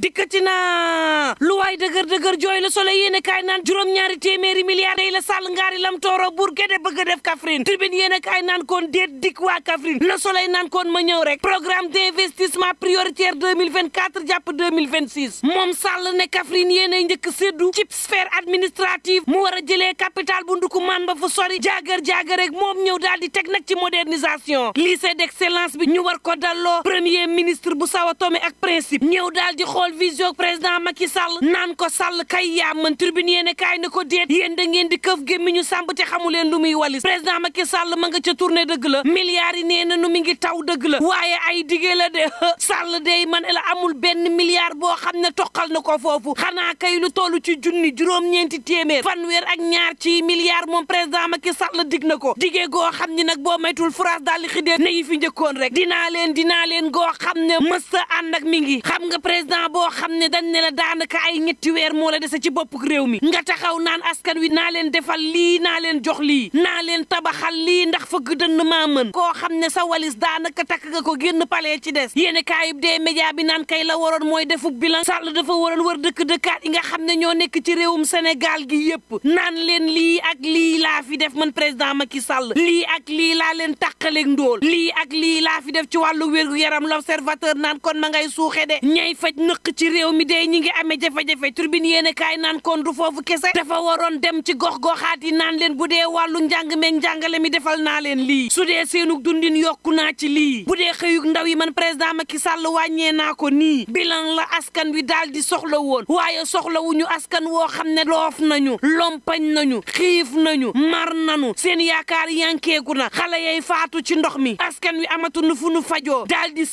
dikkati na lu waay dëgër dëgër jooy la soleil yéen a kaay naan juróom-ñaari téeméeri milliards day la sàll ngaari lam buur gede bëgg a def Kaffrine tribune yéen a kaay naan koon déet dikk waa Kaffrine le soleil naan koon ma ñëw rek programme d'investissement prioritaire jàpp moom sàll ne Kaffrine yéen a njëkk séddu ci sphère administrative mu war a jëlee capital bu nduku maan ba fu sori jaagar jaagar rek moom ñëw daal di teg nag ci modernisation lycée d'excellence bi ko dalloo premier ministre bu Sao Tomé ak principe ñëw di xool defal visio président Macky Sall naan ko Sall kay yaa mën tribune yéene kaay ko déet yéen ngeen di këf gémmiñu sàmb te xamu leen lu muy walis président Macky Sall ma nga ca tournée dëgg la milliards yi nee nu mi ngi taw dëgg la waaye ay digee la de Sall day man la amul benn milliard boo xam ne toqal na ko foofu xanaa kay lu toll ci junni juróom-ñeenti téeméer fanweer ak ñaar ci milliard moom président Macky Sall dig na ko digee goo xam ni nag boo maytul France daal di xidee fi njëkkoon rek dinaa leen dinaa leen goo xam ne mës ànd ak mi boo xam ne dañ ne la daanaka ay ñetti weer moo la dese ci bopp réew mi nga taxaw naan askan wi naa leen defal lii naa leen jox lii naa leen tabaxal lii ndax fëgg dënn maa mën koo xam ne sa walis daanaka takk nga ko génn palee ci des yéene kaayub dee média bi naan kay la waroon mooy defub bilan sàll dafa waroon wër dëkk dëkkaat i nga xam ne ñoo nekk ci réewum Sénégal gi yépp naan leen lii ak lii laa fi def man président ki sàll lii ak lii laa leen tàqaleeg ndóol lii ak lii laa fi def ci wàllu wér-gu-yaram l'observateur naan kon ma ngay suuxe de ci réew mi dey ñi ngi amee jafe-jafe turbine yéen kaay naan kon du foofu kese dafa waroon dem ci gox goxaat yi naan leen bu dee wàllu njàng meeg njàngale mi defal naa leen lii su dee seenug dundin yokku naa ci lii bu dee xëyug ndaw yi man président Macky Sall wàññee naa ko nii bilan la askan wi daal di soxla woon waaye soxlawuñu askan woo xam ne loof nañu lompañ nañu xiif nañu mar nañu seen yaakaar yankeeku na xale yay faatu ci ndox mi askan wi amatu nu fu fajoo daal di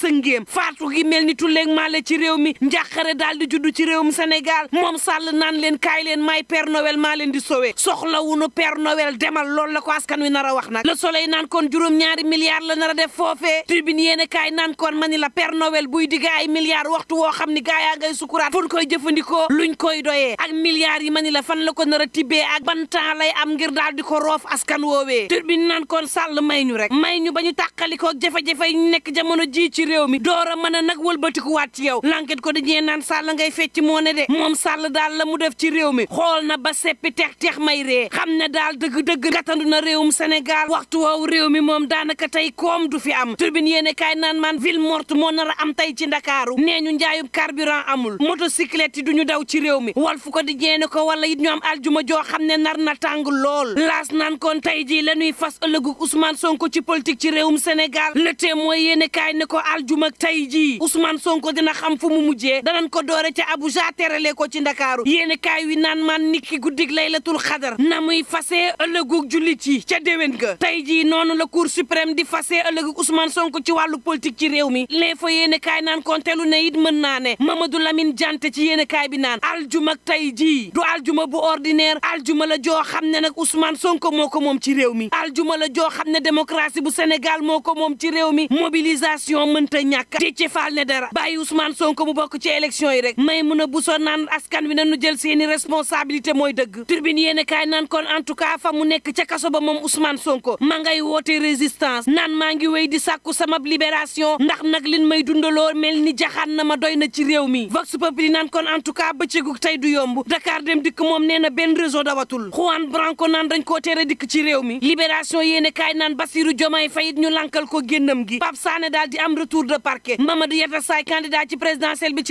faatu gi mel ni tulleeg ci réew mi njàqare daal di juddu ci réew réewum senegal moom sàll naan leen kaay leen may Père nowel maa leen di sowe soxla wunu Père Noël demal loolu la ko askan wi nar a wax nag Le Soleil naan kon juróom-ñaari milliards la nar a def foofee tribune yéen a kaay naan ma mani la per nowel buy digga ay milliards waxtu woo xam ni gaa yaa ngay sukuraat fu koy jëfandikoo luñ koy doyee ak milliar yi ma ni la fan la ko nar a tibbee ak ban lay am ngir daal di ko roof askan woowee tribune naan kon Sall may rek may ba ñu tàqalikoo jafe-jafe yi nekk jamono ji ci réew mi door mën a nag wëlbatikuwaat ci yow l'enquête ko ñee naan sàll ngay fecc moo ne de moom sàll daal la mu def ci réew mi xool na ba seppi tex tex may ree xam ne daal dëgg-dëgg gàttandu na réewum senegal waxtu woowu réew mi moom daanaka tey koom du fi am turbine kaay naan man ville morte moo nar am tey ci ndakaaru nee ñu njaayum carburant amul motocyclette yi du ñu daw ci réew mi wal fu ko di jeene ko wala it ñu am aljuma joo xam ne nar na tàng lool laas naan kon tey jii la ñuy fas ëllëgu Ousmane Sonko ci politique ci réewum senegal le témoin yéene kaay ne ko aljuma tey jii Ousmane Sonko dina xam fu mu mujjee foofee danañ ko doore ca Abuja terale ko ci Ndakaaru yéeni kaay wi naan man niki guddig laylatul xadar na muy fase ëllëgug jullit yi ca déwén ga tey jii noonu la cour suprême di fase ëllëgug Ousmane Sonko ci wàllu politique ci réew mi l'info yéeni kaay naan kontelu ne it mën naa ne Mamadou Lamine Diante ci yéeni kaay bi naan aljuma tey ji du aljuma bu ordinaire aljuma la joo xam ne nag Ousmane Sonko moo ko moom ci réew mi aljuma la joo xam ne démocratie bu senegal moo ko moom ci réew mi mobilisation mënta ñàkk Déthié Fall ne dara bàyyi Ousmane Sonko bokk ci ci élection yi rek may mun a busoo naan askan wi nañu jël seeni responsabilité mooy dëgg turbine yéen kaay naan kon en tout cas fa mu nekk ca kaso ba moom Ousmane Sonko ma woote résistance naan maa ngi wéy di sàkku sama libération ndax nag lin may dundaloo mel ni jaxaan na ma doy na ci réew mi vox populi nan kon en tout cas bëccëgu tey du yomb Dakar dem dikk moom nee na benn réseau dawatul Juan Branco naan dañ koo tere dikk ci réew mi libération yéene kaay nan naan Bassirou Diomaye Faye ñu lankal ko génnam gi Pape Sané daal am retour de parquet Mamadou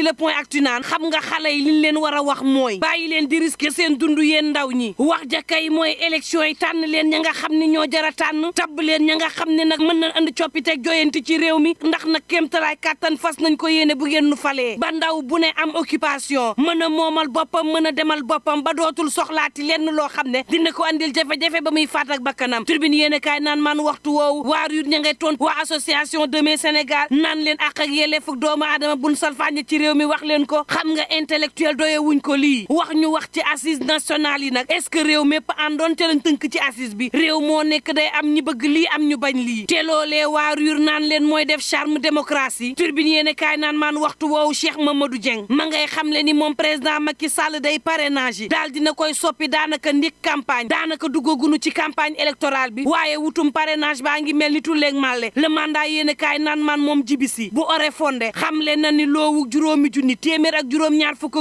le point actu naan xam nga xale yi liñ leen war a wax mooy bàyyi leen di risquer seen dund yéen ndaw ñi wax ja kay mooy élection yi tànn leen ña nga xam ne ñoo jara tànn tabb leen ña nga xam ne nag mën na indi coppiteeg joyanti ci réew mi ndax nag kéemtalaay kàttan fas nañ ko yéene bu ngeen nu falee ba ndaw bu ne am occupation mën a moomal boppam mën a demal boppam ba dootul soxlaati lenn loo xam ne dina ko indi jafe-jafe ba muy faat ak bakkanam tribune yéene kaay naan man waxtu woowu waar yu ña ngay toon waa association Sénégal naan leen àq ak yelleefuk doomu aadama buñ ci réew mi wax leen ko xam nga intellectuel doye wuñ ko lii wax ñu wax ci assise nationale yi nag est-ce que réew mépp àndoon te lañ ci assise bi réew moo nekk day am ñu bëgg lii am ñu bañ lii te loolee waa RUR naan leen mooy def charme démocratie turbine yéene kaay naan maan waxtu woowu Cheikh Mamadou Dieng ma ngay xam le ni moom président Macky Sall day parrainage yi daal dina koy soppi daanaka ndik campagne daanaka duggagunu ci campagne électorale bi waaye wutum parrainage baa ngi mel ni tulleeg màlle le mandat moom jibisi juróomi junni téeméer ak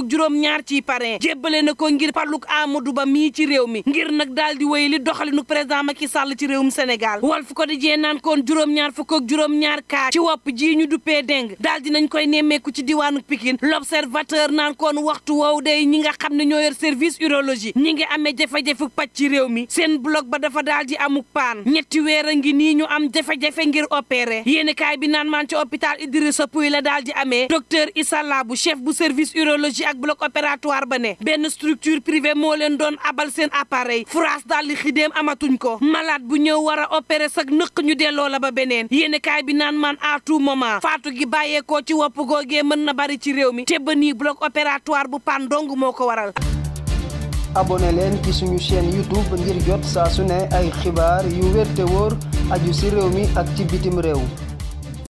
juróom-ñaar ci parrain jébbale na ko ngir parluk Amadou Ba mii ci réew mi ngir nag daal di wéy li doxalinu président Macky Sall ci réewum Sénégal Walf Quotidien naan kon juróom-ñaar fukk ak juróom-ñaar kaa ci wopp ji ñu duppee déng daal dinañ koy nemmeeku ci diwaanu Pikine l'Observateur naan kon waxtu woow day ñi nga xam ne ñoo yor service urologie ñi ngi amee jafe-jafe paj ci réew mi seen bloc ba dafa daal di amuk paan ñetti a ngi nii ñu am jafe-jafe ngir opérer yéenekaay bi naan maan ci hôpital Idrissa Pouye la daal di amee docteur contrat bu chef bu service urologie ak bloc opératoire ba ne benn structure privée moo leen doon abal seen appareil France daal di xideem amatuñ ko malade bu ñëw war a opérer sax nëq ñu delloo la ba beneen yéen bi naan man à moment faatu gi bàyyeekoo ci wopp googee mën na bari ci réew mi te ba nii bloc opératoire bu pan dong moo ko waral. abonné leen ci suñu chaîne youtube ngir jot saa su ne ay xibaar yu wér te wóor aju ci réew mi ak ci bitim réew.